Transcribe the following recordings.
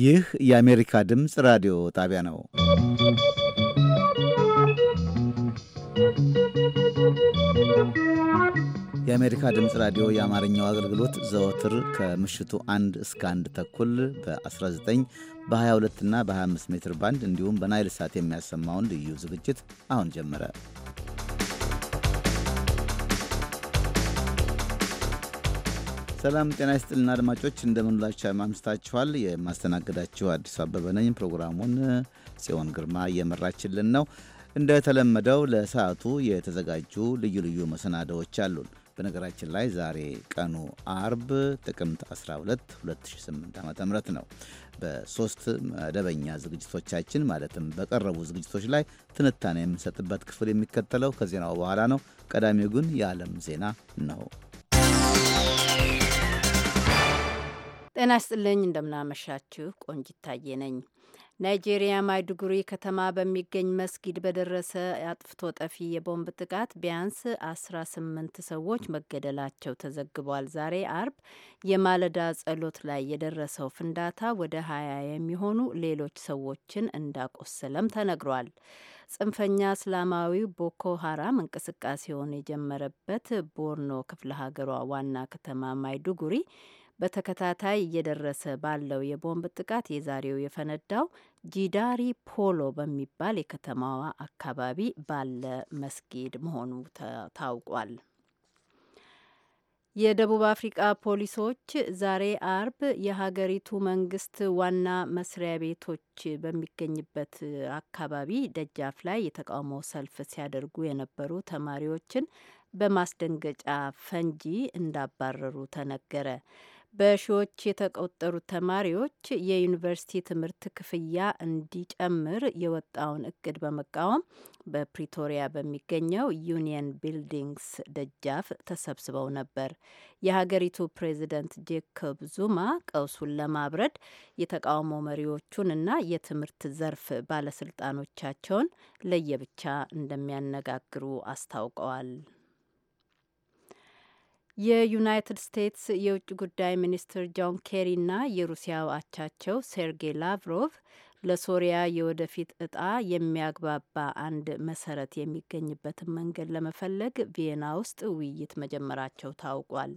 ይህ የአሜሪካ ድምፅ ራዲዮ ጣቢያ ነው። የአሜሪካ ድምፅ ራዲዮ የአማርኛው አገልግሎት ዘወትር ከምሽቱ አንድ እስከ አንድ ተኩል በ19 በ22 እና በ25 ሜትር ባንድ እንዲሁም በናይል ሳት የሚያሰማውን ልዩ ዝግጅት አሁን ጀመረ። ሰላም ጤና ይስጥልና አድማጮች እንደምንላቸው ማምስታችኋል። የማስተናገዳችሁ አዲሱ አበበ ነኝ። ፕሮግራሙን ጽዮን ግርማ እየመራችልን ነው። እንደተለመደው ለሰዓቱ የተዘጋጁ ልዩ ልዩ መሰናዳዎች አሉን። በነገራችን ላይ ዛሬ ቀኑ አርብ ጥቅምት 12 2008 ዓ ም ነው። በሶስት መደበኛ ዝግጅቶቻችን ማለትም በቀረቡ ዝግጅቶች ላይ ትንታኔ የምንሰጥበት ክፍል የሚከተለው ከዜናው በኋላ ነው። ቀዳሚው ግን የዓለም ዜና ነው። ጤና ይስጥልኝ። እንደምናመሻችሁ ቆንጅት ታዬ ነኝ። ናይጄሪያ ማይዱጉሪ ከተማ በሚገኝ መስጊድ በደረሰ አጥፍቶ ጠፊ የቦምብ ጥቃት ቢያንስ አስራ ስምንት ሰዎች መገደላቸው ተዘግቧል። ዛሬ አርብ የማለዳ ጸሎት ላይ የደረሰው ፍንዳታ ወደ ሀያ የሚሆኑ ሌሎች ሰዎችን እንዳቆሰለም ተነግሯል። ጽንፈኛ እስላማዊ ቦኮ ሀራም እንቅስቃሴውን የጀመረበት ቦርኖ ክፍለ ሀገሯ ዋና ከተማ ማይዱጉሪ በተከታታይ እየደረሰ ባለው የቦምብ ጥቃት የዛሬው የፈነዳው ጂዳሪ ፖሎ በሚባል የከተማዋ አካባቢ ባለ መስጊድ መሆኑ ታውቋል። የደቡብ አፍሪቃ ፖሊሶች ዛሬ አርብ የሀገሪቱ መንግስት ዋና መስሪያ ቤቶች በሚገኝበት አካባቢ ደጃፍ ላይ የተቃውሞ ሰልፍ ሲያደርጉ የነበሩ ተማሪዎችን በማስደንገጫ ፈንጂ እንዳባረሩ ተነገረ። በሺዎች የተቆጠሩ ተማሪዎች የዩኒቨርሲቲ ትምህርት ክፍያ እንዲጨምር የወጣውን እቅድ በመቃወም በፕሪቶሪያ በሚገኘው ዩኒየን ቢልዲንግስ ደጃፍ ተሰብስበው ነበር። የሀገሪቱ ፕሬዚደንት ጄኮብ ዙማ ቀውሱን ለማብረድ የተቃውሞ እና የትምህርት ዘርፍ ባለስልጣኖቻቸውን ለየብቻ እንደሚያነጋግሩ አስታውቀዋል። የዩናይትድ ስቴትስ የውጭ ጉዳይ ሚኒስትር ጆን ኬሪና የሩሲያው አቻቸው ሴርጌይ ላቭሮቭ ለሶሪያ የወደፊት እጣ የሚያግባባ አንድ መሰረት የሚገኝበትን መንገድ ለመፈለግ ቪየና ውስጥ ውይይት መጀመራቸው ታውቋል።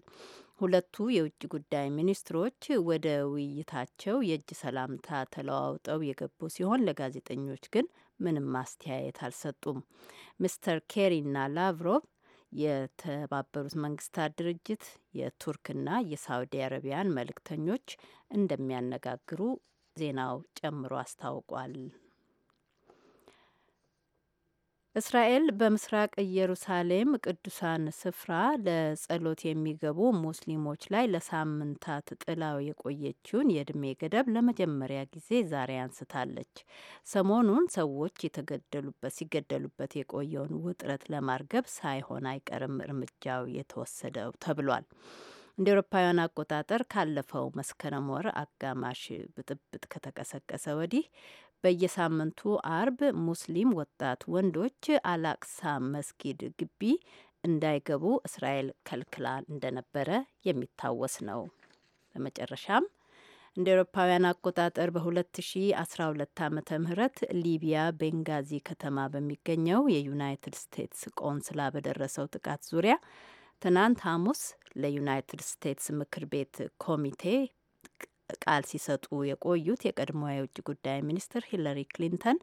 ሁለቱ የውጭ ጉዳይ ሚኒስትሮች ወደ ውይይታቸው የእጅ ሰላምታ ተለዋውጠው የገቡ ሲሆን ለጋዜጠኞች ግን ምንም ማስተያየት አልሰጡም። ሚስተር ኬሪና ላቭሮቭ የተባበሩት መንግስታት ድርጅት የቱርክና የሳውዲ አረቢያን መልእክተኞች እንደሚያነጋግሩ ዜናው ጨምሮ አስታውቋል። እስራኤል በምስራቅ ኢየሩሳሌም ቅዱሳን ስፍራ ለጸሎት የሚገቡ ሙስሊሞች ላይ ለሳምንታት ጥላው የቆየችውን የእድሜ ገደብ ለመጀመሪያ ጊዜ ዛሬ አንስታለች። ሰሞኑን ሰዎች የተገደሉበት ሲገደሉበት የቆየውን ውጥረት ለማርገብ ሳይሆን አይቀርም እርምጃው የተወሰደው ተብሏል። እንደ ኤውሮፓውያን አቆጣጠር ካለፈው መስከረም ወር አጋማሽ ብጥብጥ ከተቀሰቀሰ ወዲህ በየሳምንቱ አርብ ሙስሊም ወጣት ወንዶች አላቅሳ መስጊድ ግቢ እንዳይገቡ እስራኤል ከልክላ እንደነበረ የሚታወስ ነው። በመጨረሻም እንደ ኤሮፓውያን አቆጣጠር በ2012 ዓ ም ሊቢያ ቤንጋዚ ከተማ በሚገኘው የዩናይትድ ስቴትስ ቆንስላ በደረሰው ጥቃት ዙሪያ ትናንት ሐሙስ ለዩናይትድ ስቴትስ ምክር ቤት ኮሚቴ ቃል ሲሰጡ የቆዩት የቀድሞ የውጭ ጉዳይ ሚኒስትር ሂለሪ ክሊንተን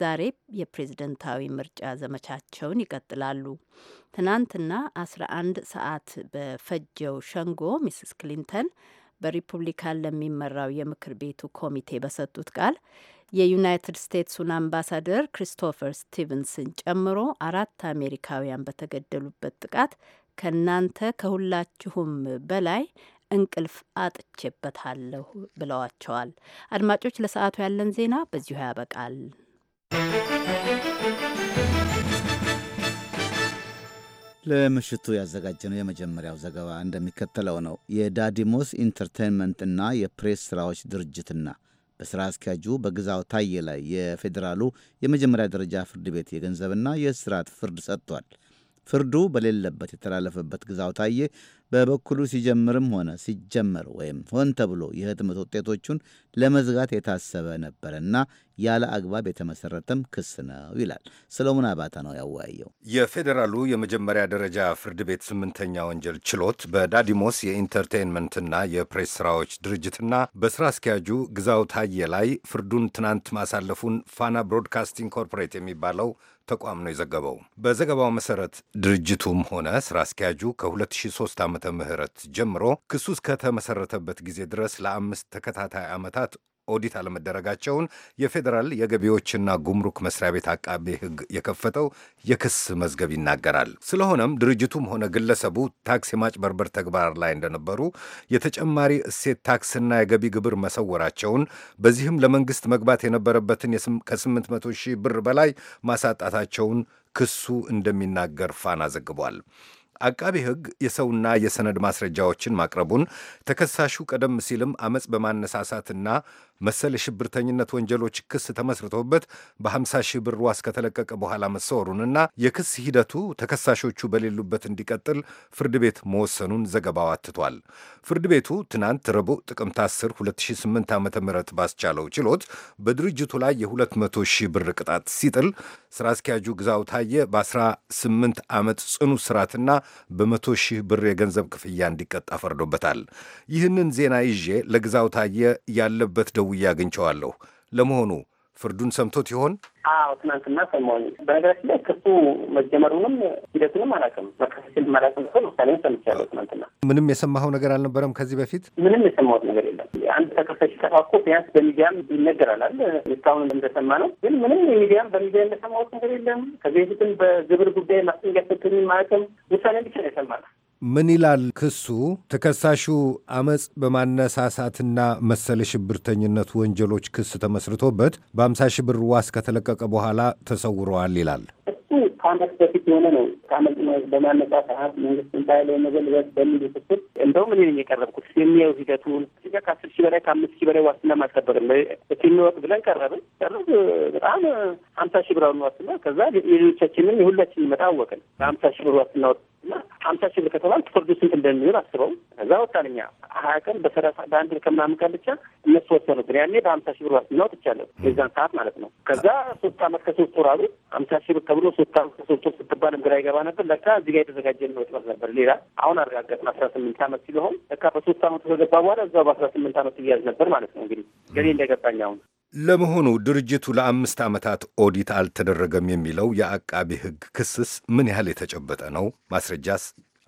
ዛሬ የፕሬዝደንታዊ ምርጫ ዘመቻቸውን ይቀጥላሉ። ትናንትና 11 ሰዓት በፈጀው ሸንጎ ሚስስ ክሊንተን በሪፑብሊካን ለሚመራው የምክር ቤቱ ኮሚቴ በሰጡት ቃል የዩናይትድ ስቴትሱን አምባሳደር ክሪስቶፈር ስቲቨንስን ጨምሮ አራት አሜሪካውያን በተገደሉበት ጥቃት ከእናንተ ከሁላችሁም በላይ እንቅልፍ አጥቼበታለሁ ብለዋቸዋል። አድማጮች፣ ለሰዓቱ ያለን ዜና በዚሁ ያበቃል። ለምሽቱ ያዘጋጀነው የመጀመሪያው ዘገባ እንደሚከተለው ነው። የዳዲሞስ ኢንተርቴንመንት እና የፕሬስ ስራዎች ድርጅትና በሥራ አስኪያጁ በግዛው ታዬ ላይ የፌዴራሉ የመጀመሪያ ደረጃ ፍርድ ቤት የገንዘብና የእስራት ፍርድ ሰጥቷል። ፍርዱ በሌለበት የተላለፈበት ግዛው ታየ በበኩሉ ሲጀምርም ሆነ ሲጀመር ወይም ሆን ተብሎ የህትመት ውጤቶቹን ለመዝጋት የታሰበ ነበረና ያለ አግባብ የተመሰረተም ክስ ነው ይላል። ሰሎሞን አባታ ነው ያወያየው። የፌዴራሉ የመጀመሪያ ደረጃ ፍርድ ቤት ስምንተኛ ወንጀል ችሎት በዳዲሞስ የኢንተርቴንመንትና የፕሬስ ስራዎች ድርጅትና በስራ አስኪያጁ ግዛው ታየ ላይ ፍርዱን ትናንት ማሳለፉን ፋና ብሮድካስቲንግ ኮርፖሬት የሚባለው ተቋም ነው የዘገበው። በዘገባው መሰረት ድርጅቱም ሆነ ስራ አስኪያጁ ከ2003 ዓ. ምህረት ጀምሮ ክሱ እስከተመሰረተበት ጊዜ ድረስ ለአምስት ተከታታይ ዓመታት ኦዲት አለመደረጋቸውን የፌዴራል የገቢዎችና ጉምሩክ መስሪያ ቤት አቃቤ ሕግ የከፈተው የክስ መዝገብ ይናገራል። ስለሆነም ድርጅቱም ሆነ ግለሰቡ ታክስ የማጭበርበር ተግባር ላይ እንደነበሩ፣ የተጨማሪ እሴት ታክስና የገቢ ግብር መሰወራቸውን፣ በዚህም ለመንግስት መግባት የነበረበትን ከ800 ሺህ ብር በላይ ማሳጣታቸውን ክሱ እንደሚናገር ፋና ዘግቧል። አቃቢ ሕግ የሰውና የሰነድ ማስረጃዎችን ማቅረቡን ተከሳሹ ቀደም ሲልም አመፅ በማነሳሳትና መሰል የሽብርተኝነት ወንጀሎች ክስ ተመስርቶበት በ50 ሺህ ብር ዋስ ከተለቀቀ በኋላ መሰወሩንና የክስ ሂደቱ ተከሳሾቹ በሌሉበት እንዲቀጥል ፍርድ ቤት መወሰኑን ዘገባው አትቷል። ፍርድ ቤቱ ትናንት ረቡዕ ጥቅምት 10 2008 ዓ ም ባስቻለው ችሎት በድርጅቱ ላይ የ200 ሺህ ብር ቅጣት ሲጥል ስራ አስኪያጁ ግዛው ታየ በ18 ዓመት ጽኑ ስራትና በመቶ ሺህ ብር የገንዘብ ክፍያ እንዲቀጣ ፈርዶበታል። ይህንን ዜና ይዤ ለግዛው ታየ ያለበት ደ ደውዬ አግኝቸዋለሁ። ለመሆኑ ፍርዱን ሰምቶት ይሆን? አዎ ትናንትና ሰማሁኝ። በነገራችን ላይ ክሱ መጀመሩንም ሂደቱንም አላውቅም። መከሰችን አላውቅም። ሰው ምሳሌም ሰምቻለሁ ትናንትና። ምንም የሰማኸው ነገር አልነበረም ከዚህ በፊት? ምንም የሰማሁት ነገር የለም። አንድ ተከሳሽ ጠፋ እኮ ቢያንስ በሚዲያም ይነገራላል። እስካሁን እንደሰማ ነው። ግን ምንም የሚዲያም በሚዲያ እንደሰማሁት ነገር የለም። ከዚህ በፊትም በግብር ጉዳይ ማስጠንቀቂያ ሰጥቶኝ አያውቅም። ውሳኔ ብቻ ነው የሰማነው። ምን ይላል ክሱ? ተከሳሹ አመፅ በማነሳሳትና መሰለ ሽብርተኝነት ወንጀሎች ክስ ተመስርቶበት በአምሳ ሺህ ብር ዋስ ከተለቀቀ በኋላ ተሰውረዋል ይላል። እሱ ከአመት በፊት የሆነ ነው። ከአመት በማነጻሳት መንግስት ንታይ ላይ መገልበጥ በሚል ስስት እንደውም እኔ የቀረብኩት የሚያዩ ሂደቱን ከአስር ሺህ በላይ ከአምስት ሺህ በላይ ዋስትና ማስከበር እስኪንወጥ ብለን ቀረብን። ቀረብ በጣም ሀምሳ ሺህ ብራውን አሁን ዋስትና ከዛ ሌሎቻችንም የሁላችን ይመጣ አወቅን በሀምሳ ሺህ ብር ዋስትና ወጥ እና ሀምሳ ሺህ ብር ከተባል ፍርዱ ስንት እንደሚሆን አስበው ከዛ ወጣልኛ ሀያ ቀን በሰላሳ በአንድ ብር ከምናምን ቀን ብቻ እነሱ ወሰኑብን። ያኔ በሀምሳ ሺህ ብር ዋስትና ወጥቻለሁ የዛን ሰዓት ማለት ነው። ከዛ ሶስት አመት ከሶስት ወር አሉ ሀምሳ ሺህ ብር ተብሎ ሶስት ሶስት ቁስቁስ ስትባልም ግራ ይገባ ነበር። ለካ እዚህ ጋር የተዘጋጀን ወጥመት ነበር። ሌላ አሁን አረጋገጥን። አስራ ስምንት አመት ሲለሆን ለካ በሶስት አመቱ ከገባ በኋላ እዛው በአስራ ስምንት አመት እያዝ ነበር ማለት ነው። እንግዲህ ገሌ እንደገባኝ አሁን ለመሆኑ ድርጅቱ ለአምስት ዓመታት ኦዲት አልተደረገም የሚለው የአቃቢ ሕግ ክስስ ምን ያህል የተጨበጠ ነው? ማስረጃስ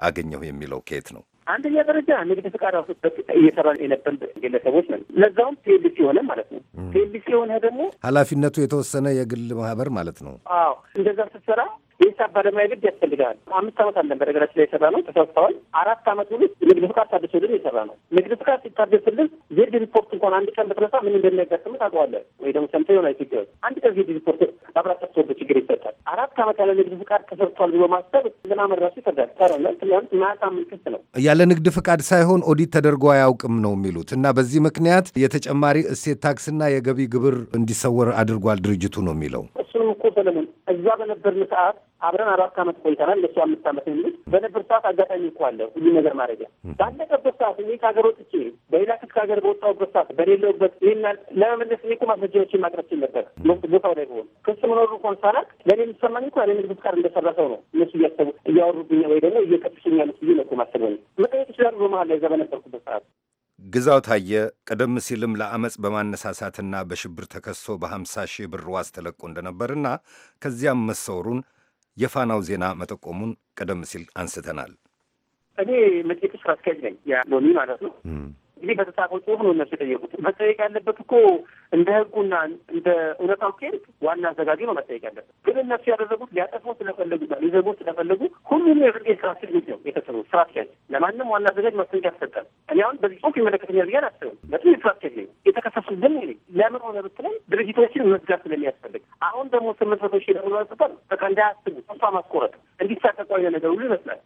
አገኘሁ የሚለው ከየት ነው? አንደኛ ደረጃ ንግድ ፍቃድ አስወጥተን እየሰራ የነበርን ግለሰቦች ነን። ለዛውም ፒኤልሲ የሆነ ማለት ነው። ፒኤልሲ የሆነ ደግሞ ኃላፊነቱ የተወሰነ የግል ማህበር ማለት ነው። አዎ እንደዛ ስትሰራ የሂሳብ ባለሙያ ግድ ያስፈልጋል። አምስት ዓመት አለን በነገራችን ላይ የሰራ ነው ተሰብተዋል። አራት ዓመት ሙሉ ንግድ ፍቃድ ታደሰልን የሰራ ነው። ንግድ ፍቃድ ሲታደስልን ዜድ ሪፖርት እንኳን አንድ ቀን ብትረሳ ምን እንደሚያጋጥም ታውቀዋለህ ወይ ደግሞ ሰምተህ ይሆናል። ኢትዮጵያ ውስጥ አንድ ቀን ዜድ ሪፖርት አብራ ጠፍቶብህ ችግር ይፈጣል። አራት ዓመት ያለ ንግድ ፍቃድ ተሰርቷል ብሎ ማሰብ ምን አመራሱ ይፈርዳል። ታረላል ትያሉት ማያሳምን ክስ ነው። ያለ ንግድ ፍቃድ ሳይሆን ኦዲት ተደርጎ አያውቅም ነው የሚሉት እና በዚህ ምክንያት የተጨማሪ እሴት ታክስና የገቢ ግብር እንዲሰወር አድርጓል ድርጅቱ ነው የሚለው እሱንም እኮ ሰለሞን እዛ በነበርን ሰዓት አብረን አራት ዓመት ቆይተናል። ለሱ አምስት ዓመት የሚል በነበር ሰዓት አጋጣሚ እኮ አለ ሁሉ ነገር ማድረጊያ ባለቀበት ሰዓት እኔ ከሀገር ወጥቼ በሌላ ክስ ከሀገር በወጣሁበት ሰዓት በሌለውበት ይህና ለመመለስ እኔ እኮ ማስረጃዎችን ማቅረብች ነበር። ቦታው ላይ ሆን ክስ መኖሩ እንኳን ሳላቅ ለእኔ የሚሰማኝ እኮ ለእኔ ንግድ ፍቃድ እንደሰራ ሰው ነው። እነሱ እያሰቡ እያወሩብኛ ወይ ደግሞ እየቀጥሽኛ ያሉት ብዬ ነው እኮ ማሰብ ነው መጠየቅ ይችላሉ። በመሀል ላይ እዛ በነበርኩበት ሰዓት ግዛው ታየ ቀደም ሲልም ለአመፅ በማነሳሳትና በሽብር ተከሶ በ50 ሺህ ብር ዋስ ተለቆ እንደነበርና ከዚያም መሰወሩን የፋናው ዜና መጠቆሙን ቀደም ሲል አንስተናል። እኔ መጽሔቱ ስራ አስኪያጅ ነኝ፣ ያ ሎሚ ማለት ነው። እንግዲህ በተጻፈው ጽሁፍ ነው እነሱ የጠየቁት። መጠየቅ ያለበት እኮ እንደ ህጉና እንደ እውነታው ኬርክ ዋና አዘጋጁ ነው መጠየቅ ያለበት። ግን እነሱ ያደረጉት ሊያጠፉ ስለፈለጉና ሊዘጉ ስለፈለጉ ሁሉም የፍርድ ስራ አስኪያጅ ነው የተሰሩት። ስራ አስኪያጅ ለማንም ዋና አዘጋጅ ማስጠንቀቂያ አልሰጠም። እኔ አሁን በዚህ ጽሁፍ ይመለከተኛል ብዬ አላስብም። በጥሩ ስራ አስኪያጅ ነኝ። የተከሰሱት ግን ነኝ። ለምን ሆነ ብትለኝ ድርጅቶችን መዝጋት ስለሚያስፈልግ አሁን ደግሞ ስምንት መቶ ሺህ ለምሎ ስባል በቃ እንዳያስቡ ተስፋ ማስቆረጥ እንዲሳቀቁ ነገር ሁሉ ይመስላል።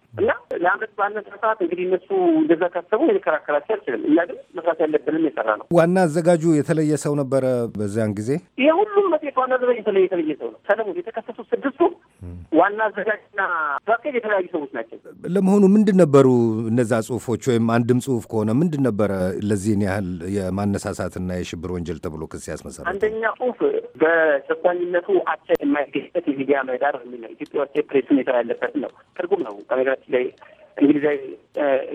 ለአመት ባነሰ ሰዓት እንግዲህ እነሱ እንደዛ ካሰቡ ሊከራከራቸው አልችልም። እኛ ግን መስራት ያለብንም የሰራ ነው። ዋና አዘጋጁ የተለየ ሰው ነበረ በዚያን ጊዜ። ይህ ሁሉም መጽሔት ዋና አዘጋጅ የተለየ የተለየ ሰው ነው። ሰለሞን የተከሰሱ ስድስቱ ዋና አዘጋጅና ባስኬት የተለያዩ ሰዎች ናቸው። ለመሆኑ ምንድን ነበሩ እነዛ ጽሁፎች? ወይም አንድም ጽሁፍ ከሆነ ምንድን ነበረ ለዚህን ያህል የማነሳሳትና የሽብር ወንጀል ተብሎ ክስ ያስመሰረ? አንደኛ ጽሁፍ በጨቋኝነቱ አቻ የማይገኝበት የሚዲያ መዳር የሚል ነው። ኢትዮጵያ ውስጥ የፕሬስ ሁኔታ ያለበት ነው። ትርጉም ነው ከነገራችን ላይ እንግሊዛዊ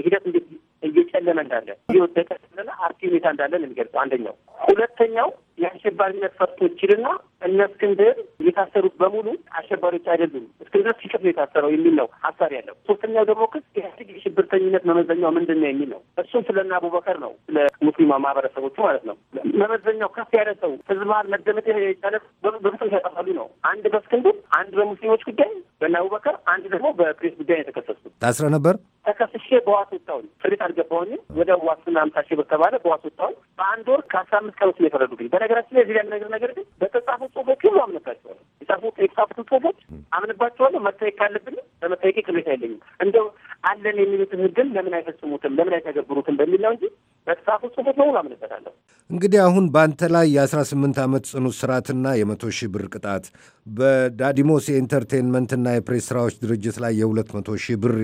ሂደት እንዴት እየጨለመ እንዳለ እየወደቀ ስለ አርኪ ሁኔታ እንዳለን የሚገልጸው አንደኛው። ሁለተኛው የአሸባሪነት ፈርቶችንና እነ እስክንድር የታሰሩት በሙሉ አሸባሪዎች አይደሉም፣ እስክንድር ሲቅፍ ነው የታሰረው የሚል ነው ሀሳብ ያለው። ሶስተኛው ደግሞ ክስ ኢህአዴግ የሽብርተኝነት መመዘኛው ምንድን ነው የሚል ነው። እሱም ስለና አቡበከር ነው፣ ስለ ሙስሊማ ማህበረሰቦቹ ማለት ነው። መመዘኛው ከፍ ያለ ሰው ህዝብ መሀል መደመጥ የቻለ በብሶች ያጠፋሉ ነው። አንድ በእስክንድር አንድ በሙስሊሞች ጉዳይ በና አቡበከር አንድ ደግሞ በፕሬስ ጉዳይ የተከሰሱ ታስረ ነበር። ተከስሼ በዋስ ወጣሁኝ። ፍርድ አልገባሁኝም። ወደ ዋስና አምሳ ሺህ ብር ተባለ። በዋስ ወጣሁኝ። በአንድ ወር ከአስራ አምስት ቀኖች ነው የፈረዱብኝ። በነገራችን ላይ እዚህ ነገር ነገር ግን በተጻፉ ጽሁፎች ሁሉ የጻፉ የተጻፉትን ጽሁፎች አምንባቸዋለሁ። መታየት ካለብን በመታየቄ ቅሬታ የለኝም። እንደው አለን የሚሉትን ህግን ለምን አይፈጽሙትም፣ ለምን አይተገብሩትም በሚል ነው እንጂ በተጻፉ ጽሁፎች በሙሉ አምንበታለሁ። እንግዲህ አሁን በአንተ ላይ የአስራ ስምንት ዓመት ጽኑ እስራትና የመቶ ሺህ ብር ቅጣት በዳዲሞስ የኢንተርቴንመንትና የፕሬስ ስራዎች ድርጅት ላይ የሁለት መቶ ሺህ ብር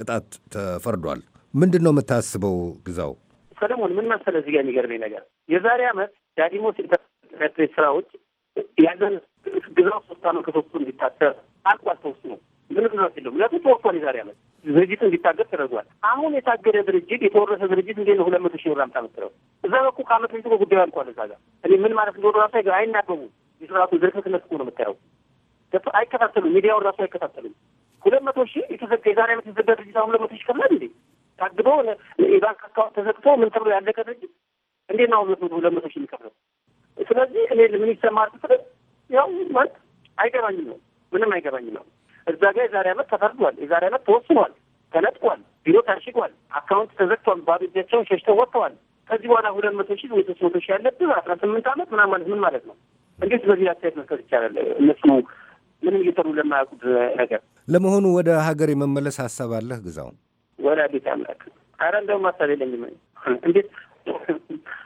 ቅጣት ተፈርዷል። ምንድን ነው የምታስበው ግዛው? ሰለሞን ምን መሰለህ፣ እዚህ ጋር የሚገርመኝ ነገር የዛሬ ዓመት ዳዲሞስ ኢንተርፕሬት ስራዎች ያለን ግዛው ሶስት አመት ከሶስቱ እንዲታሰር አልቋል። ነው ምን ግዛት የለው። ምክንያቱም ተወስቷል። የዛሬ አመት ድርጅት እንዲታገድ ተደርጓል። አሁን የታገደ ድርጅት የተወረሰ ድርጅት እንዴት ነው ሁለት መቶ ሺህ ብር አምጣ ምትለው? እዛ በኩል ከአመት በፊት ጉዳዩ አልቋል። እዛ ጋር እኔ ምን ማለት እንደሆነ ራሱ አይናገቡ። የስራቱ ዝርክክነት ነው የምታየው። አይከታተሉም። ሚዲያውን ራሱ አይከታተሉም። ሁለት መቶ ሺህ የተዘጋ የዛሬ አመት የተዘጋ ድርጅት አሁን ሁለት መቶ ሺህ ከፍላል እንዴ? ታግዶ የባንክ አካውንት ተዘግቶ ምን ተብሎ ያለቀ ድርጅት እንዴ ነው ምግቡ ለመቶ ሺ የሚከፍለው? ስለዚህ እኔ ለምን ይሰማል ስፍረት ያው ማለት አይገባኝም ነው ምንም አይገባኝም ነው። እዛ ጋር የዛሬ አመት ተፈርዷል፣ የዛሬ አመት ተወስኗል፣ ተነጥቋል፣ ቢሮ ታሽጓል፣ አካውንት ተዘግቷል፣ ባዶ እጃቸውን ሸሽተው ወጥተዋል። ከዚህ በኋላ ሁለት መቶ ሺ ወይ ሶስት መቶ ሺ ያለብህ አስራ ስምንት አመት ምናምን ማለት ምን ማለት ነው? እንዴት በዚህ አስተያየት መስጠት ይቻላል? እነሱ ምንም እየሰሩ ለማያውቁት ነገር። ለመሆኑ ወደ ሀገር የመመለስ ሀሳብ አለህ ግዛው? ወላዲተ አምላክ አረ እንደውም ሀሳብ የለኝም። እንዴት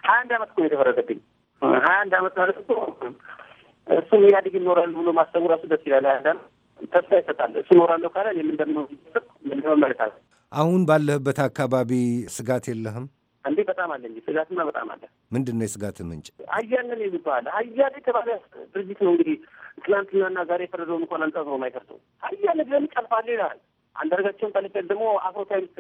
ሀያ አንድ አመት እኮ የተፈረደብኝ ሀያ አንድ አመት ማለት እኮ እሱም ኢህአዴግ ይኖራሉ ብሎ ማሰቡ ራሱ ደስ ይላል። ሀያ አንድ ተስፋ ይሰጣል። እሱ ኖራለሁ ካለ እኔም እንደምኖር አሁን ባለህበት አካባቢ ስጋት የለህም? እንዴ በጣም አለ እንጂ ስጋትማ በጣም አለ። ምንድን ነው የስጋት ምንጭ? አያለን የሚባል አያል የተባለ ድርጅት ነው እንግዲህ ትናንትናና ዛሬ የፈረደውን እንኳን አንጻጽ ነው የማይፈርሰው። አያል ብለን ጨልፋለ ይላል አንዳርጋቸውን ጠልበት ደግሞ አፍሮ ታይምስ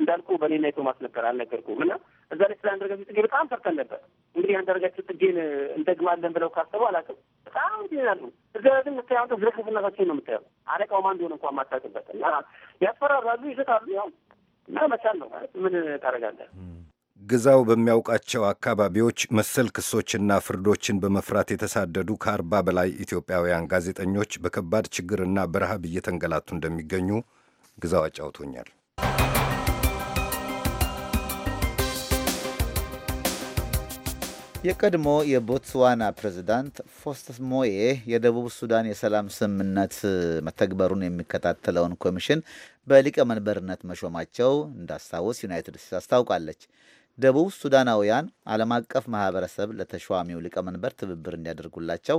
እንዳልኩ በእኔና የቶማስ ነበር አልነገርኩም እና እዛ ላይ ስለ አንዳርጋቸው ጽጌ በጣም ፈርተን ነበር። እንግዲህ አንዳርጋቸው ጽጌን እንደግማለን ብለው ካሰቡ አላውቅም። በጣም ይናሉ። እዛ ግን ምታያቱ ዝረክፍነታቸው ነው የምታየው። አለቃው ማን እንደሆነ እንኳ ማታውቅበት እና ያስፈራራሉ፣ ይዘታሉ። ያው እና መቻል ነው ማለት ምን ታደርጋለህ? ግዛው በሚያውቃቸው አካባቢዎች መሰል ክሶችና ፍርዶችን በመፍራት የተሳደዱ ከአርባ በላይ ኢትዮጵያውያን ጋዜጠኞች በከባድ ችግርና በረሃብ እየተንገላቱ እንደሚገኙ ግዛው አጫውቶኛል። የቀድሞ የቦትስዋና ፕሬዚዳንት ፎስተስ ሞዬ የደቡብ ሱዳን የሰላም ስምምነት መተግበሩን የሚከታተለውን ኮሚሽን በሊቀመንበርነት መሾማቸው እንዳስታወስ ዩናይትድ ስቴትስ አስታውቃለች። ደቡብ ሱዳናውያን ዓለም አቀፍ ማህበረሰብ ለተሿሚው ሊቀመንበር ትብብር እንዲያደርጉላቸው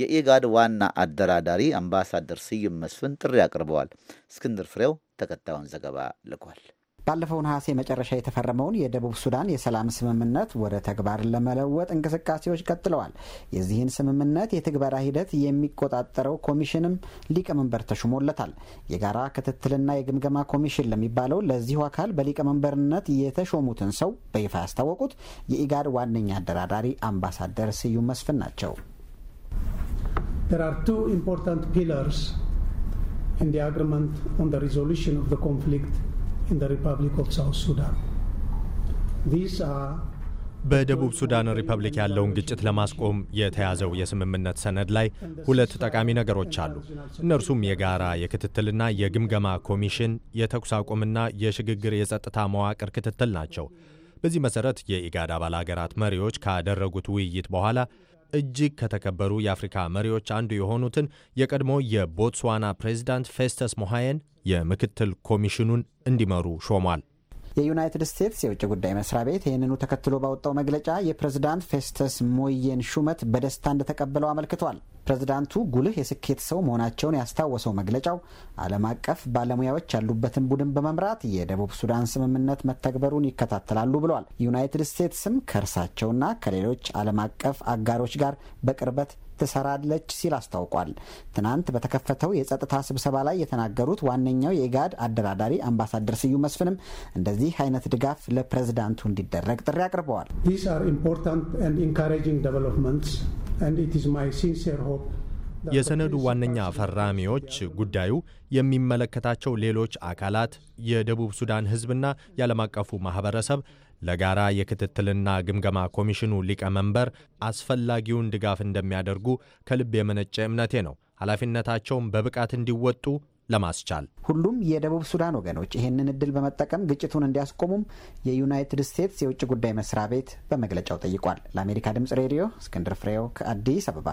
የኢጋድ ዋና አደራዳሪ አምባሳደር ስዩም መስፍን ጥሪ አቅርበዋል። እስክንድር ፍሬው ተከታዩን ዘገባ ልኳል። ባለፈው ነሐሴ መጨረሻ የተፈረመውን የደቡብ ሱዳን የሰላም ስምምነት ወደ ተግባር ለመለወጥ እንቅስቃሴዎች ቀጥለዋል። የዚህን ስምምነት የትግበራ ሂደት የሚቆጣጠረው ኮሚሽንም ሊቀመንበር ተሹሞለታል። የጋራ ክትትልና የግምገማ ኮሚሽን ለሚባለው ለዚሁ አካል በሊቀመንበርነት የተሾሙትን ሰው በይፋ ያስታወቁት የኢጋድ ዋነኛ አደራዳሪ አምባሳደር ስዩም መስፍን ናቸው። ኢምፖርታንት ፒለርስ ኢን ዘ አግሪመንት ኦን ዘ ሪዞሉሽን ኦፍ ዘ ኮንፍሊክት in the Republic of South Sudan. These are በደቡብ ሱዳን ሪፐብሊክ ያለውን ግጭት ለማስቆም የተያዘው የስምምነት ሰነድ ላይ ሁለት ጠቃሚ ነገሮች አሉ። እነርሱም የጋራ የክትትልና የግምገማ ኮሚሽን፣ የተኩስ አቁምና የሽግግር የጸጥታ መዋቅር ክትትል ናቸው። በዚህ መሰረት የኢጋድ አባል አገራት መሪዎች ካደረጉት ውይይት በኋላ እጅግ ከተከበሩ የአፍሪካ መሪዎች አንዱ የሆኑትን የቀድሞ የቦትስዋና ፕሬዚዳንት ፌስተስ ሞሃየን የምክትል ኮሚሽኑን እንዲመሩ ሾሟል። የዩናይትድ ስቴትስ የውጭ ጉዳይ መስሪያ ቤት ይህንኑ ተከትሎ ባወጣው መግለጫ የፕሬዝዳንት ፌስተስ ሞየን ሹመት በደስታ እንደተቀበለው አመልክቷል። ፕሬዝዳንቱ ጉልህ የስኬት ሰው መሆናቸውን ያስታወሰው መግለጫው ዓለም አቀፍ ባለሙያዎች ያሉበትን ቡድን በመምራት የደቡብ ሱዳን ስምምነት መተግበሩን ይከታተላሉ ብሏል። ዩናይትድ ስቴትስም ከእርሳቸውና ከሌሎች ዓለም አቀፍ አጋሮች ጋር በቅርበት ትሰራለች ሲል አስታውቋል። ትናንት በተከፈተው የጸጥታ ስብሰባ ላይ የተናገሩት ዋነኛው የኢጋድ አደራዳሪ አምባሳደር ስዩ መስፍንም እንደዚህ አይነት ድጋፍ ለፕሬዝዳንቱ እንዲደረግ ጥሪ አቅርበዋል። የሰነዱ ዋነኛ ፈራሚዎች ጉዳዩ የሚመለከታቸው ሌሎች አካላት፣ የደቡብ ሱዳን ሕዝብና የዓለም አቀፉ ማህበረሰብ ። ለጋራ የክትትልና ግምገማ ኮሚሽኑ ሊቀመንበር አስፈላጊውን ድጋፍ እንደሚያደርጉ ከልብ የመነጨ እምነቴ ነው። ኃላፊነታቸውን በብቃት እንዲወጡ ለማስቻል ሁሉም የደቡብ ሱዳን ወገኖች ይህንን እድል በመጠቀም ግጭቱን እንዲያስቆሙም የዩናይትድ ስቴትስ የውጭ ጉዳይ መስሪያ ቤት በመግለጫው ጠይቋል። ለአሜሪካ ድምጽ ሬዲዮ እስክንድር ፍሬው ከአዲስ አበባ።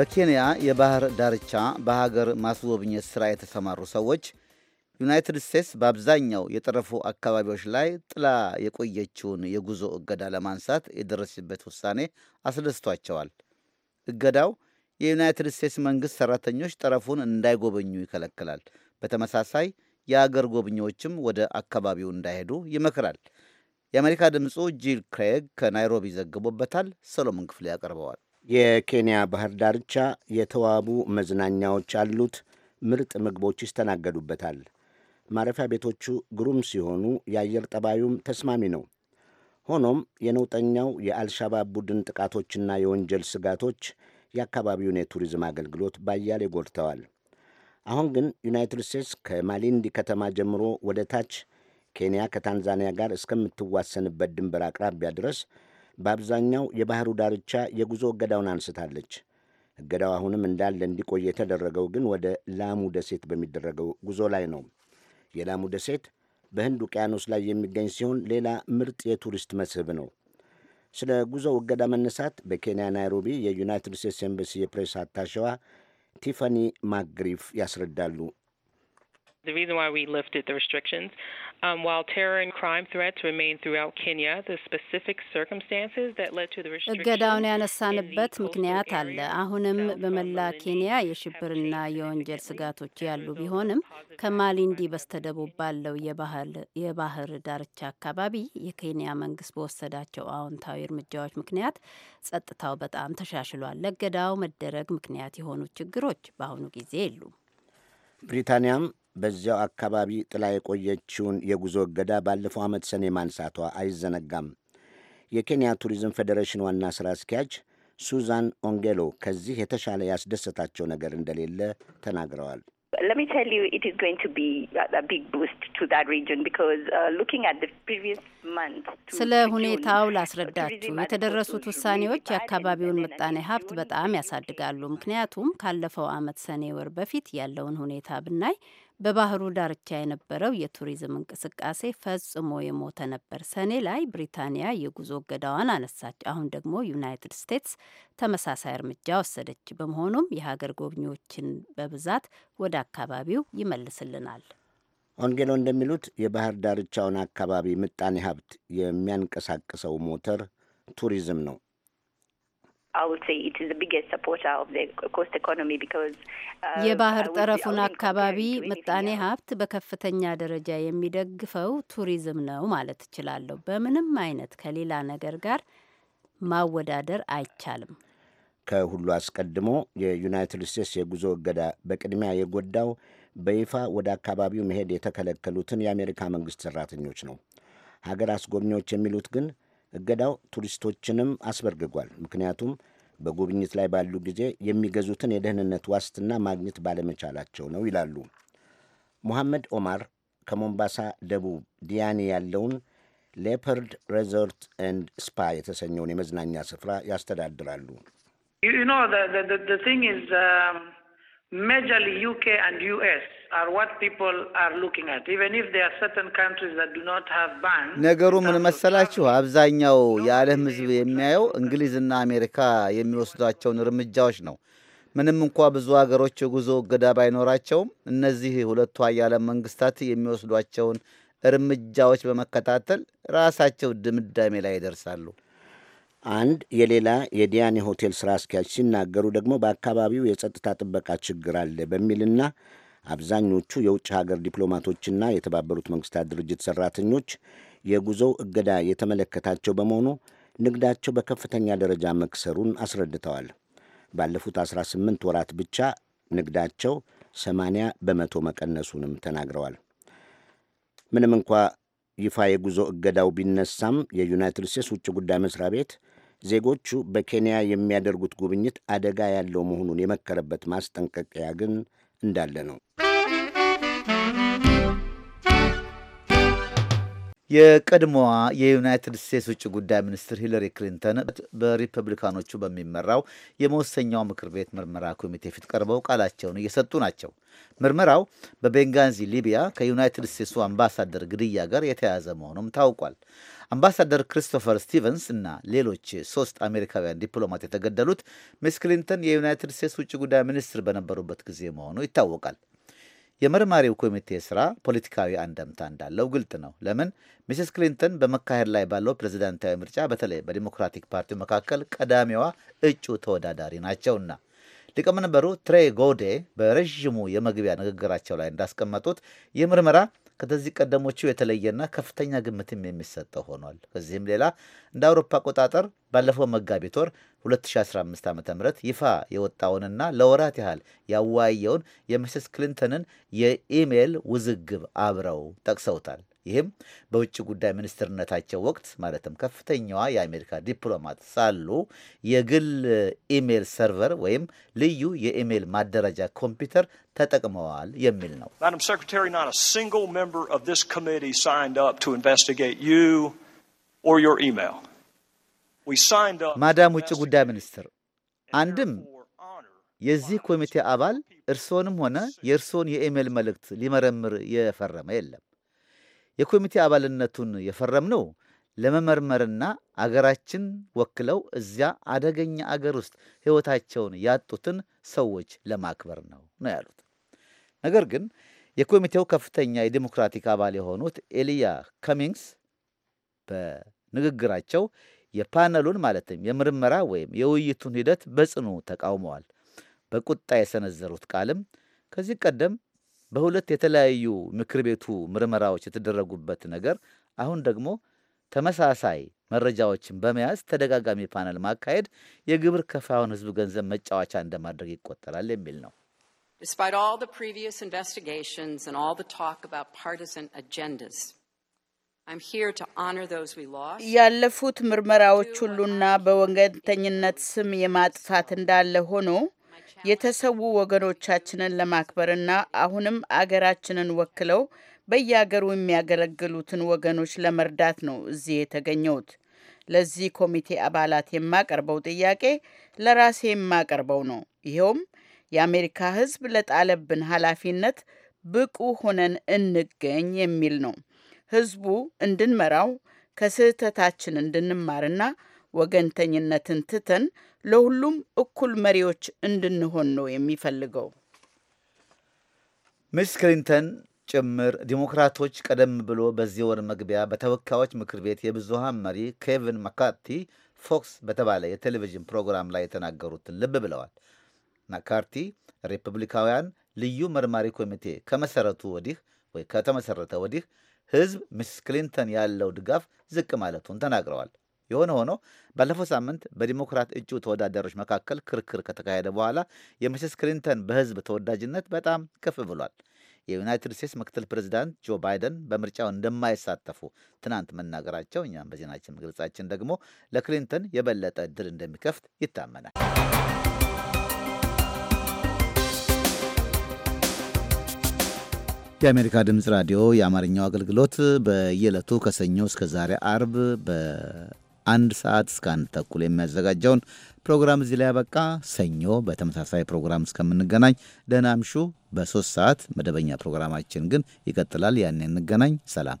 በኬንያ የባህር ዳርቻ በሀገር ማስጎብኘት ስራ የተሰማሩ ሰዎች ዩናይትድ ስቴትስ በአብዛኛው የጠረፉ አካባቢዎች ላይ ጥላ የቆየችውን የጉዞ እገዳ ለማንሳት የደረሰበት ውሳኔ አስደስቷቸዋል። እገዳው የዩናይትድ ስቴትስ መንግሥት ሠራተኞች ጠረፉን እንዳይጎበኙ ይከለክላል። በተመሳሳይ የአገር ጎብኚዎችም ወደ አካባቢው እንዳይሄዱ ይመክራል። የአሜሪካ ድምፁ ጂል ክሬግ ከናይሮቢ ዘግቦበታል። ሰሎሞን ክፍሌ ያቀርበዋል። የኬንያ ባህር ዳርቻ የተዋቡ መዝናኛዎች አሉት። ምርጥ ምግቦች ይስተናገዱበታል። ማረፊያ ቤቶቹ ግሩም ሲሆኑ የአየር ጠባዩም ተስማሚ ነው። ሆኖም የነውጠኛው የአልሻባብ ቡድን ጥቃቶችና የወንጀል ስጋቶች የአካባቢውን የቱሪዝም አገልግሎት ባያሌ ጎድተዋል። አሁን ግን ዩናይትድ ስቴትስ ከማሊንዲ ከተማ ጀምሮ ወደ ታች ኬንያ ከታንዛኒያ ጋር እስከምትዋሰንበት ድንበር አቅራቢያ ድረስ በአብዛኛው የባህሩ ዳርቻ የጉዞ እገዳውን አንስታለች። እገዳው አሁንም እንዳለ እንዲቆይ የተደረገው ግን ወደ ላሙ ደሴት በሚደረገው ጉዞ ላይ ነው። የላሙ ደሴት በህንድ ውቅያኖስ ላይ የሚገኝ ሲሆን ሌላ ምርጥ የቱሪስት መስህብ ነው። ስለ ጉዞ እገዳ መነሳት በኬንያ ናይሮቢ የዩናይትድ ስቴትስ ኤምበሲ የፕሬስ አታሸዋ ቲፋኒ ማግሪፍ ያስረዳሉ። The reason why we lifted the restrictions, um, while terror and crime threats remain throughout Kenya, the specific circumstances that led to the restrictions እገዳውን ያነሳንበት ምክንያት አለ። አሁንም በመላ ኬንያ የሽብርና የወንጀል ስጋቶች ያሉ ቢሆንም ከማሊንዲ በስተደቡብ ባለው የባህር ዳርቻ አካባቢ የኬንያ መንግስት በወሰዳቸው አዎንታዊ እርምጃዎች ምክንያት ጸጥታው በጣም ተሻሽሏል። ለእገዳው መደረግ ምክንያት የሆኑ ችግሮች በአሁኑ ጊዜ የሉም። ብሪታንያም በዚያው አካባቢ ጥላ የቆየችውን የጉዞ እገዳ ባለፈው ዓመት ሰኔ ማንሳቷ አይዘነጋም። የኬንያ ቱሪዝም ፌዴሬሽን ዋና ሥራ አስኪያጅ ሱዛን ኦንጌሎ ከዚህ የተሻለ ያስደሰታቸው ነገር እንደሌለ ተናግረዋል። uh, ስለ ሁኔታው ላስረዳችሁ። የተደረሱት ውሳኔዎች የአካባቢውን ምጣኔ ሀብት በጣም ያሳድጋሉ። ምክንያቱም ካለፈው ዓመት ሰኔ ወር በፊት ያለውን ሁኔታ ብናይ በባህሩ ዳርቻ የነበረው የቱሪዝም እንቅስቃሴ ፈጽሞ የሞተ ነበር። ሰኔ ላይ ብሪታንያ የጉዞ እገዳዋን አነሳች። አሁን ደግሞ ዩናይትድ ስቴትስ ተመሳሳይ እርምጃ ወሰደች። በመሆኑም የሀገር ጎብኚዎችን በብዛት ወደ አካባቢው ይመልስልናል። ወንጌሎ እንደሚሉት የባህር ዳርቻውን አካባቢ ምጣኔ ሀብት የሚያንቀሳቅሰው ሞተር ቱሪዝም ነው። Uh, የባህር ጠረፉን አካባቢ ምጣኔ ሀብት በከፍተኛ ደረጃ የሚደግፈው ቱሪዝም ነው ማለት እችላለሁ። በምንም አይነት ከሌላ ነገር ጋር ማወዳደር አይቻልም። ከሁሉ አስቀድሞ የዩናይትድ ስቴትስ የጉዞ እገዳ በቅድሚያ የጎዳው በይፋ ወደ አካባቢው መሄድ የተከለከሉትን የአሜሪካ መንግሥት ሠራተኞች ነው። ሀገር አስጎብኚዎች የሚሉት ግን እገዳው ቱሪስቶችንም አስበርግጓል። ምክንያቱም በጉብኝት ላይ ባሉ ጊዜ የሚገዙትን የደህንነት ዋስትና ማግኘት ባለመቻላቸው ነው ይላሉ። ሙሐመድ ኦማር ከሞምባሳ ደቡብ ዲያኒ ያለውን ሌፐርድ ሬዞርት ኤንድ ስፓ የተሰኘውን የመዝናኛ ስፍራ ያስተዳድራሉ። um, majorly UK and US are what people are looking at even if there are certain countries that do not have bans ነገሩ ምን መሰላችሁ አብዛኛው የዓለም ሕዝብ የሚያየው እንግሊዝና አሜሪካ የሚወስዷቸውን እርምጃዎች ነው። ምንም እንኳ ብዙ ሀገሮች የጉዞ እገዳ ባይኖራቸውም እነዚህ ሁለቱ ሀያላን መንግስታት የሚወስዷቸውን እርምጃዎች በመከታተል ራሳቸው ድምዳሜ ላይ ይደርሳሉ። አንድ የሌላ የዲያኔ ሆቴል ሥራ አስኪያጅ ሲናገሩ ደግሞ በአካባቢው የጸጥታ ጥበቃ ችግር አለ በሚልና አብዛኞቹ የውጭ ሀገር ዲፕሎማቶችና የተባበሩት መንግስታት ድርጅት ሠራተኞች የጉዞው እገዳ የተመለከታቸው በመሆኑ ንግዳቸው በከፍተኛ ደረጃ መክሰሩን አስረድተዋል። ባለፉት 18 ወራት ብቻ ንግዳቸው 80 በመቶ መቀነሱንም ተናግረዋል። ምንም እንኳ ይፋ የጉዞ እገዳው ቢነሳም የዩናይትድ ስቴትስ ውጭ ጉዳይ መስሪያ ቤት ዜጎቹ በኬንያ የሚያደርጉት ጉብኝት አደጋ ያለው መሆኑን የመከረበት ማስጠንቀቂያ ግን እንዳለ ነው። የቀድሞዋ የዩናይትድ ስቴትስ ውጭ ጉዳይ ሚኒስትር ሂለሪ ክሊንተን በሪፐብሊካኖቹ በሚመራው የመወሰኛው ምክር ቤት ምርመራ ኮሚቴ ፊት ቀርበው ቃላቸውን እየሰጡ ናቸው። ምርመራው በቤንጋዚ ሊቢያ ከዩናይትድ ስቴትሱ አምባሳደር ግድያ ጋር የተያያዘ መሆኑም ታውቋል። አምባሳደር ክሪስቶፈር ስቲቨንስ እና ሌሎች ሶስት አሜሪካውያን ዲፕሎማት የተገደሉት ሚስ ክሊንተን የዩናይትድ ስቴትስ ውጭ ጉዳይ ሚኒስትር በነበሩበት ጊዜ መሆኑ ይታወቃል። የመርማሪው ኮሚቴ ስራ ፖለቲካዊ አንደምታ እንዳለው ግልጥ ነው። ለምን ሚስስ ክሊንተን በመካሄድ ላይ ባለው ፕሬዚዳንታዊ ምርጫ በተለይ በዲሞክራቲክ ፓርቲ መካከል ቀዳሚዋ እጩ ተወዳዳሪ ናቸውና። ሊቀመንበሩ ትሬ ጎዴ በረዥሙ የመግቢያ ንግግራቸው ላይ እንዳስቀመጡት ይህ ምርመራ ከዚህ ቀደሞቹ የተለየና ከፍተኛ ግምትም የሚሰጠው ሆኗል። ከዚህም ሌላ እንደ አውሮፓ አቆጣጠር ባለፈው መጋቢት ወር 2015 ዓ ም ይፋ የወጣውንና ለወራት ያህል ያወያየውን የሚስስ ክሊንተንን የኢሜይል ውዝግብ አብረው ጠቅሰውታል። ይህም በውጭ ጉዳይ ሚኒስትርነታቸው ወቅት ማለትም ከፍተኛዋ የአሜሪካ ዲፕሎማት ሳሉ የግል ኢሜይል ሰርቨር ወይም ልዩ የኢሜይል ማደራጃ ኮምፒውተር ተጠቅመዋል የሚል ነው። ማንም ማዳም ውጭ ጉዳይ ሚኒስትር፣ አንድም የዚህ ኮሚቴ አባል እርስዎንም ሆነ የእርስዎን የኢሜል መልእክት ሊመረምር የፈረመ የለም። የኮሚቴ አባልነቱን የፈረምነው ለመመርመርና አገራችን ወክለው እዚያ አደገኛ አገር ውስጥ ሕይወታቸውን ያጡትን ሰዎች ለማክበር ነው ነው ያሉት። ነገር ግን የኮሚቴው ከፍተኛ የዲሞክራቲክ አባል የሆኑት ኤልያ ከሚንግስ በንግግራቸው የፓነሉን ማለትም የምርመራ ወይም የውይይቱን ሂደት በጽኑ ተቃውመዋል። በቁጣ የሰነዘሩት ቃልም ከዚህ ቀደም በሁለት የተለያዩ ምክር ቤቱ ምርመራዎች የተደረጉበት ነገር አሁን ደግሞ ተመሳሳይ መረጃዎችን በመያዝ ተደጋጋሚ ፓነል ማካሄድ የግብር ከፋዩን ሕዝብ ገንዘብ መጫወቻ እንደማድረግ ይቆጠራል የሚል ነው። Despite all the previous investigations and all the talk about partisan agendas, ያለፉት ምርመራዎች ሁሉና በወገንተኝነት ስም የማጥፋት እንዳለ ሆኖ የተሰዉ ወገኖቻችንን ለማክበርና አሁንም አገራችንን ወክለው በየአገሩ የሚያገለግሉትን ወገኖች ለመርዳት ነው እዚህ የተገኘሁት። ለዚህ ኮሚቴ አባላት የማቀርበው ጥያቄ ለራሴ የማቀርበው ነው። ይኸውም የአሜሪካ ሕዝብ ለጣለብን ኃላፊነት ብቁ ሆነን እንገኝ የሚል ነው። ህዝቡ እንድንመራው ከስህተታችን እንድንማርና ወገንተኝነትን ትተን ለሁሉም እኩል መሪዎች እንድንሆን ነው የሚፈልገው። ሚስ ክሊንተን ጭምር ዲሞክራቶች ቀደም ብሎ በዚህ ወር መግቢያ በተወካዮች ምክር ቤት የብዙሃን መሪ ኬቪን መካርቲ ፎክስ በተባለ የቴሌቪዥን ፕሮግራም ላይ የተናገሩትን ልብ ብለዋል። መካርቲ ሪፐብሊካውያን ልዩ መርማሪ ኮሚቴ ከመሰረቱ ወዲህ ወይ ከተመሰረተ ወዲህ ህዝብ ሚስስ ክሊንተን ያለው ድጋፍ ዝቅ ማለቱን ተናግረዋል። የሆነ ሆኖ ባለፈው ሳምንት በዲሞክራት እጩ ተወዳዳሮች መካከል ክርክር ከተካሄደ በኋላ የሚስስ ክሊንተን በህዝብ ተወዳጅነት በጣም ከፍ ብሏል። የዩናይትድ ስቴትስ ምክትል ፕሬዚዳንት ጆ ባይደን በምርጫው እንደማይሳተፉ ትናንት መናገራቸው እኛም በዜናችን መግለጻችን ደግሞ ለክሊንተን የበለጠ እድል እንደሚከፍት ይታመናል። የአሜሪካ ድምፅ ራዲዮ የአማርኛው አገልግሎት በየዕለቱ ከሰኞ እስከ ዛሬ አርብ በአንድ ሰዓት እስከ አንድ ተኩል የሚያዘጋጀውን ፕሮግራም እዚህ ላይ ያበቃ። ሰኞ በተመሳሳይ ፕሮግራም እስከምንገናኝ ደህና አምሹ። በሶስት ሰዓት መደበኛ ፕሮግራማችን ግን ይቀጥላል። ያኔ እንገናኝ። ሰላም።